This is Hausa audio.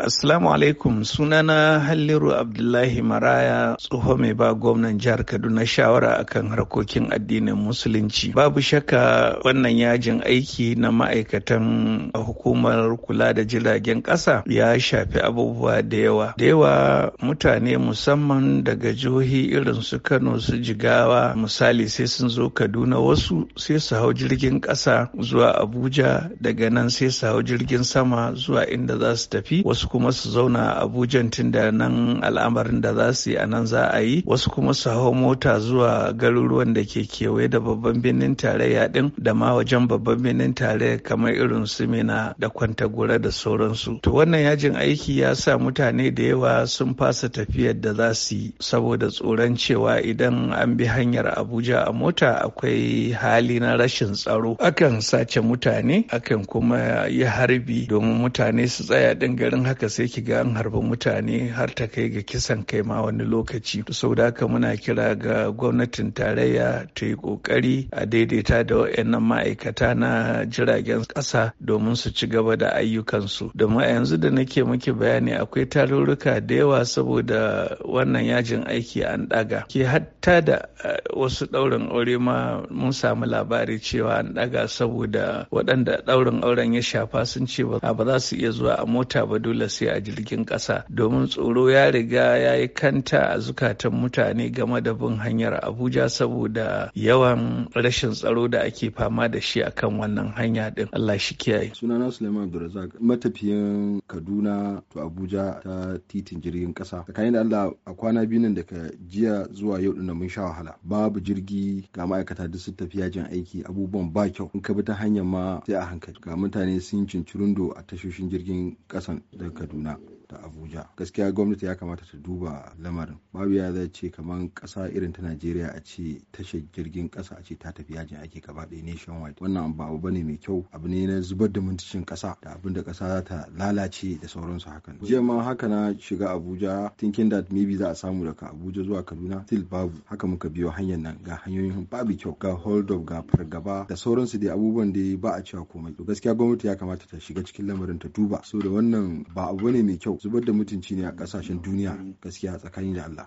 Assalamu alaikum sunana Halliru Abdullahi Maraya tsoho mai ba gwamnan jihar Kaduna shawara akan harkokin addinin musulunci. Babu shaka wannan yajin aiki na ma'aikatan hukumar kula da jiragen ƙasa ya shafi abubuwa da yawa. Da yawa mutane musamman daga jihohi irin su Kano su Jigawa misali sai sun zo Kaduna wasu sai su hau jirgin ƙasa zuwa Abuja daga nan sai su hau jirgin sama zuwa inda za su tafi wasu wasu kuma su zauna abuja tun da nan al'amarin da za su yi a nan za a yi wasu kuma su hau mota zuwa garuruwan da ke kewaye da babban birnin tarayya din da ma wajen babban birnin tarayya kamar irin su mina da kwantagura da sauransu to wannan yajin aiki ya sa mutane da yawa sun fasa tafiyar da za su yi saboda tsoron cewa idan an bi hanyar abuja a mota akwai hali na rashin tsaro akan sace mutane akan kuma yi harbi domin mutane su tsaya din garin haka haka sai ki ga an harba mutane har ta kai ga kisan kai ma wani lokaci sau da muna kira ga gwamnatin tarayya ta yi kokari a daidaita da wayannan ma'aikata na jiragen ƙasa domin su ci gaba da ayyukansu domin a yanzu da nake muke bayani akwai tarurruka da yawa saboda wannan yajin aiki an ɗaga ke hatta da eh, wasu ɗaurin aure ma mun samu labari cewa an ɗaga saboda waɗanda ɗaurin auren ya shafa sun ce ba za su iya zuwa a mota ba dole dole sai a jirgin ƙasa domin tsoro ya riga ya yi kanta a zukatan mutane game da bin hanyar abuja saboda yawan rashin tsaro da ake fama da shi akan wannan hanya din allah shi kiyaye sunana suleiman abdulrazak matafiyan kaduna to abuja ta titin jirgin ƙasa tsakanin da allah a kwana biyu nan daga jiya zuwa yau dinnan mun sha wahala babu jirgi ga ma'aikata duk sun tafi yajin aiki abubuwan ba kyau in ka bi ta hanyar ma sai a hankali ga mutane sun cincirundo a tashoshin jirgin kasan da دونا Da abuja gaskiya gwamnati ya kamata ta duba lamarin babu ya zai ce kamar kasa irin ta najeriya a ce tashar jirgin kasa a ce ta tafi yajin aiki gaba ɗaya nation wide wannan ba abu bane mai kyau abu ne na zubar da mutuncin kasa. da abin da kasa za ta lalace da sauransu hakan jiya ma haka na shiga abuja thinking that maybe za a samu daga abuja zuwa kaduna still babu haka muka biyo hanyar nan ga hanyoyin babu kyau ga hold up ga fargaba da sauransu dai abubuwan da ba a cewa komai gaskiya gwamnati ya kamata ta shiga cikin lamarin ta duba saboda wannan ba abu ne mai kyau zubar da mutunci ne a kasashen duniya gaskiya tsakani da Allah